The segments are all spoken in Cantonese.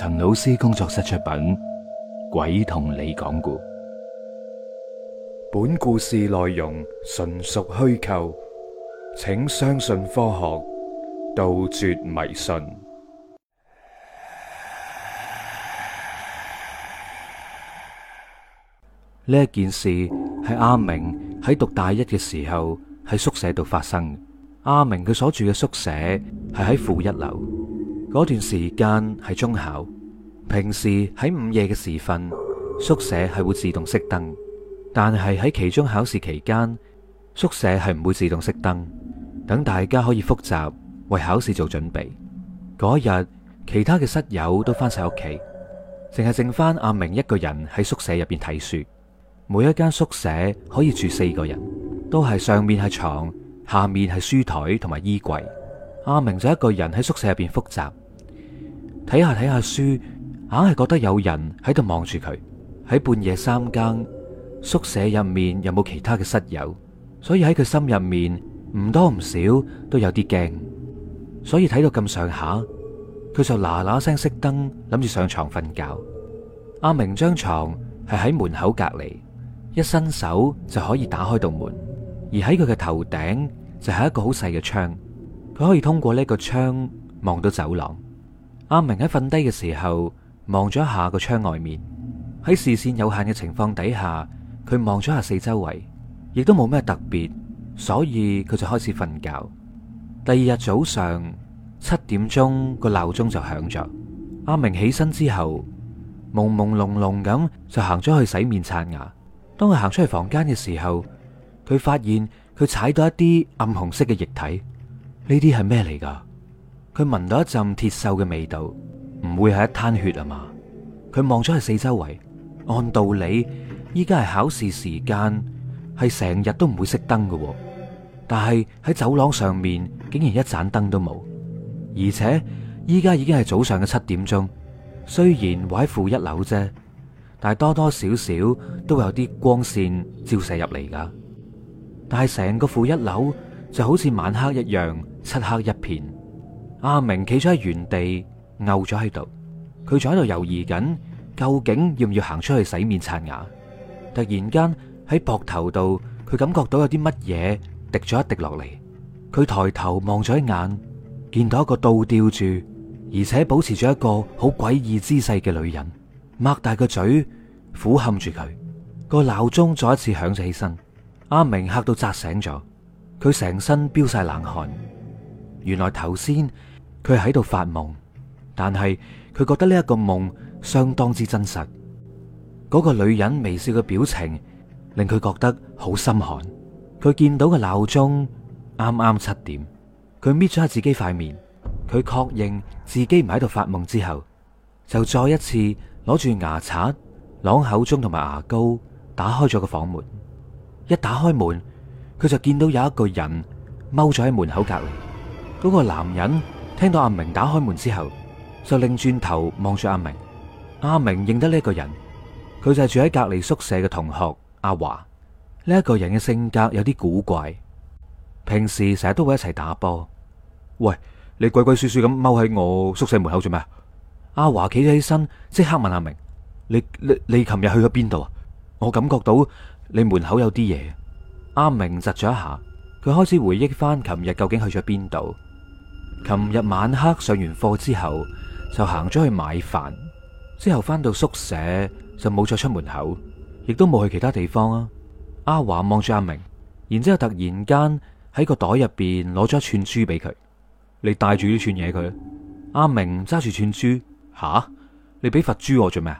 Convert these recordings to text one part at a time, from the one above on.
陳老師工作室出品《鬼同你講古》，本故事內容純屬虛構，請相信科學，杜絕迷信。呢件事係阿明喺讀大一嘅時候喺宿舍度發生。阿明佢所住嘅宿舍係喺負一樓。嗰段時間係中考，平時喺午夜嘅時分，宿舍係會自動熄燈。但係喺期中考試期間，宿舍係唔會自動熄燈，等大家可以複習，為考試做準備。嗰日，其他嘅室友都翻曬屋企，淨係剩翻阿明一個人喺宿舍入邊睇書。每一間宿舍可以住四個人，都係上面係床，下面係書台同埋衣櫃。阿明就一個人喺宿舍入邊複習。睇下睇下書，硬係覺得有人喺度望住佢。喺半夜三更，宿舍入面有冇其他嘅室友？所以喺佢心入面唔多唔少都有啲驚。所以睇到咁上下，佢就嗱嗱聲熄燈，諗住上床瞓覺。阿明張床係喺門口隔籬，一伸手就可以打開道門。而喺佢嘅頭頂就係一個好細嘅窗，佢可以通過呢個窗望到走廊。阿明喺瞓低嘅時候望咗下個窗外面，喺視線有限嘅情況底下，佢望咗下四周圍，亦都冇咩特別，所以佢就開始瞓覺。第二日早上七點鐘，個鬧鐘就響咗，阿明起身之後，朦朦朧朧咁就行咗去洗面刷牙。當佢行出去房間嘅時候，佢發現佢踩到一啲暗紅色嘅液體，呢啲係咩嚟㗎？佢聞到一陣鐵銹嘅味道，唔會係一攤血啊嘛。佢望咗係四周圍，按道理依家係考試時間，係成日都唔會熄燈嘅。但係喺走廊上面竟然一盞燈都冇，而且依家已經係早上嘅七點鐘，雖然位喺負一樓啫，但係多多少少都會有啲光線照射入嚟噶。但係成個負一樓就好似晚黑一樣漆黑一片。阿明企咗喺原地，吽咗喺度，佢仲喺度猶豫緊，究竟要唔要行出去洗面刷牙？突然間喺膊頭度，佢感覺到有啲乜嘢滴咗一滴落嚟。佢抬頭望咗一眼，見到一個倒吊住，而且保持住一個好詭異姿勢嘅女人，擘大個嘴，俯瞰住佢。個鬧鐘再一次響咗起身，阿明嚇到扎醒咗，佢成身飆晒冷汗。原來頭先佢喺度發夢，但係佢覺得呢一個夢相當之真實。嗰個女人微笑嘅表情令佢覺得好心寒。佢見到個鬧鐘啱啱七點，佢搣咗下自己塊面，佢確認自己唔喺度發夢之後，就再一次攞住牙刷、朗口中同埋牙膏，打開咗個房門。一打開門，佢就見到有一個人踎咗喺門口隔籬。嗰個男人聽到阿明打開門之後，就擰轉頭望住阿明。阿明認得呢一個人，佢就係住喺隔籬宿舍嘅同學阿華。呢一個人嘅性格有啲古怪，平時成日都會一齊打波。喂，你鬼鬼祟祟咁踎喺我宿舍門口做咩啊？阿華企起身，即刻問阿明，你你你琴日去咗邊度啊？我感覺到你門口有啲嘢。阿明窒咗一下，佢開始回憶翻琴日究竟去咗邊度。琴日晚黑上完課之後，就行咗去買飯，之後翻到宿舍就冇再出門口，亦都冇去其他地方啊。阿華望住阿明，然之後突然間喺個袋入邊攞咗一串珠俾佢，你帶住呢串嘢佢。阿明揸住串珠，吓、啊，你俾佛珠我做咩？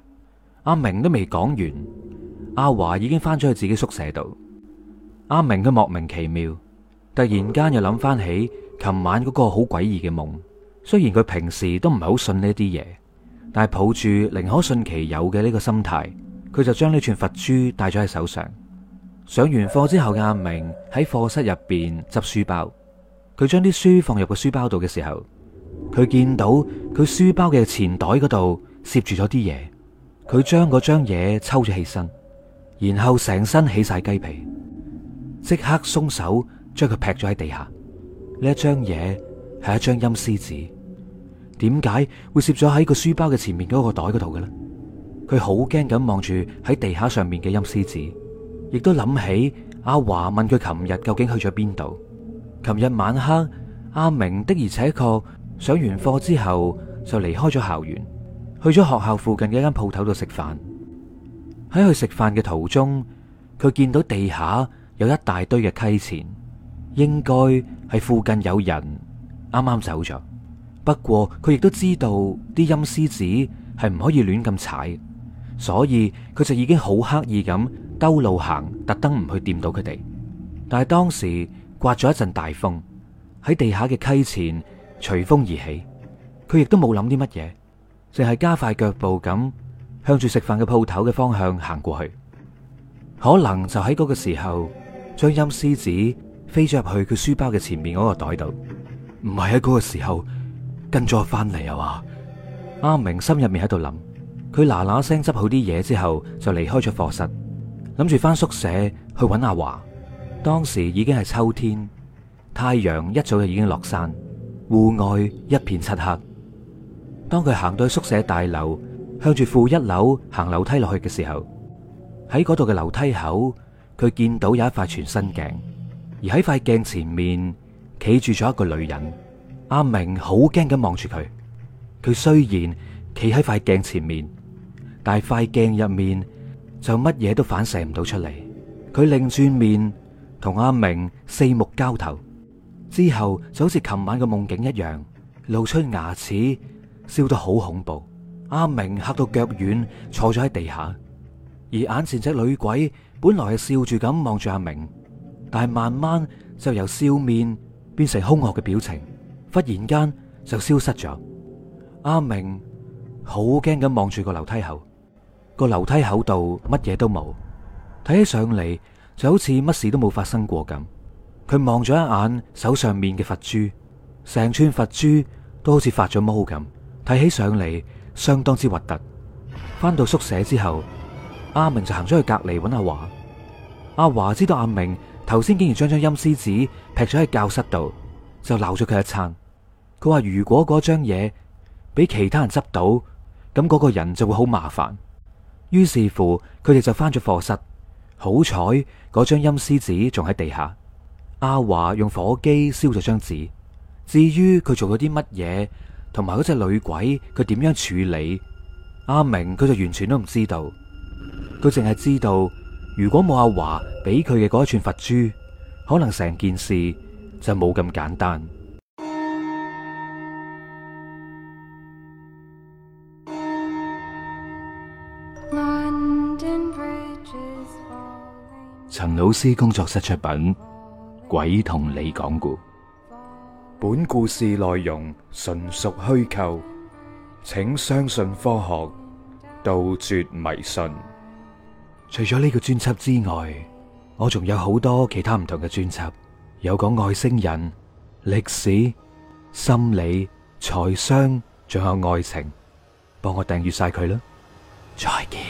阿明都未講完，阿華已經翻咗去自己宿舍度。阿明都莫名其妙，突然間又諗翻起，琴晚嗰個好詭異嘅夢，雖然佢平時都唔係好信呢啲嘢，但係抱住寧可信其有嘅呢個心態，佢就將呢串佛珠戴咗喺手上。上完課之後嘅阿明喺課室入邊執書包，佢將啲書放入個書包度嘅時候，佢見到佢書包嘅錢袋嗰度攝住咗啲嘢，佢將嗰張嘢抽咗起身，然後成身起晒雞皮，即刻鬆手將佢劈咗喺地下。呢一張嘢係一張陰屍紙，點解會攝咗喺個書包嘅前面嗰個袋嗰度嘅咧？佢好驚咁望住喺地下上面嘅陰屍紙，亦都諗起阿華問佢琴日究竟去咗邊度？琴日晚黑，阿明的而且確上完課之後就離開咗校園，去咗學校附近嘅一間鋪頭度食飯。喺去食飯嘅途中，佢見到地下有一大堆嘅溪錢，應該。係附近有人啱啱走咗，不過佢亦都知道啲陰司紙係唔可以亂咁踩，所以佢就已經好刻意咁兜路行，特登唔去掂到佢哋。但係當時刮咗一陣大風，喺地下嘅溪錢隨風而起，佢亦都冇諗啲乜嘢，淨係加快腳步咁向住食飯嘅鋪頭嘅方向行過去。可能就喺嗰個時候，將陰司紙……飛咗入去佢書包嘅前面嗰個袋度，唔係喺嗰個時候跟咗我翻嚟啊！話阿明心入面喺度諗，佢嗱嗱聲執好啲嘢之後，就離開咗課室，諗住翻宿舍去揾阿華。當時已經係秋天，太陽一早就已經落山，戶外一片漆黑。當佢行到去宿舍大樓，向住負一樓行樓梯落去嘅時候，喺嗰度嘅樓梯口，佢見到有一塊全身鏡。而喺塊鏡前面企住咗一個女人，阿明好驚咁望住佢。佢雖然企喺塊鏡前面，但係塊鏡入面就乜嘢都反射唔到出嚟。佢擰轉面同阿明四目交投之後，就好似琴晚嘅夢境一樣，露出牙齒笑得好恐怖。阿明吓到腳軟，坐咗喺地下。而眼前隻女鬼本來係笑住咁望住阿明。但係慢慢就由笑面變成兇惡嘅表情，忽然間就消失咗。阿明好驚咁望住個樓梯口，個樓梯口度乜嘢都冇，睇起上嚟就好似乜事都冇發生過咁。佢望咗一眼手上面嘅佛珠，成串佛珠都好似發咗毛咁，睇起上嚟相當之核突。返到宿舍之後，阿明就行咗去隔籬搵阿華。阿華知道阿明。頭先竟然將張陰屍紙劈咗喺教室度，就鬧咗佢一餐。佢話如果嗰張嘢俾其他人執到，咁嗰個人就會好麻煩。於是乎，佢哋就返咗課室。好彩嗰張陰屍紙仲喺地下。阿華用火機燒咗張紙。至於佢做咗啲乜嘢，同埋嗰隻女鬼佢點樣處理，阿明佢就完全都唔知道。佢淨係知道。如果冇阿華俾佢嘅嗰一串佛珠，可能成件事就冇咁簡單。陳老師工作室出品，《鬼同你講故》。本故事內容純屬虛構，請相信科學，杜絕迷信。除咗呢個專輯之外，我仲有好多其他唔同嘅專輯，有講外星人、歷史、心理、財商，仲有愛情，幫我訂閱晒佢啦，再見。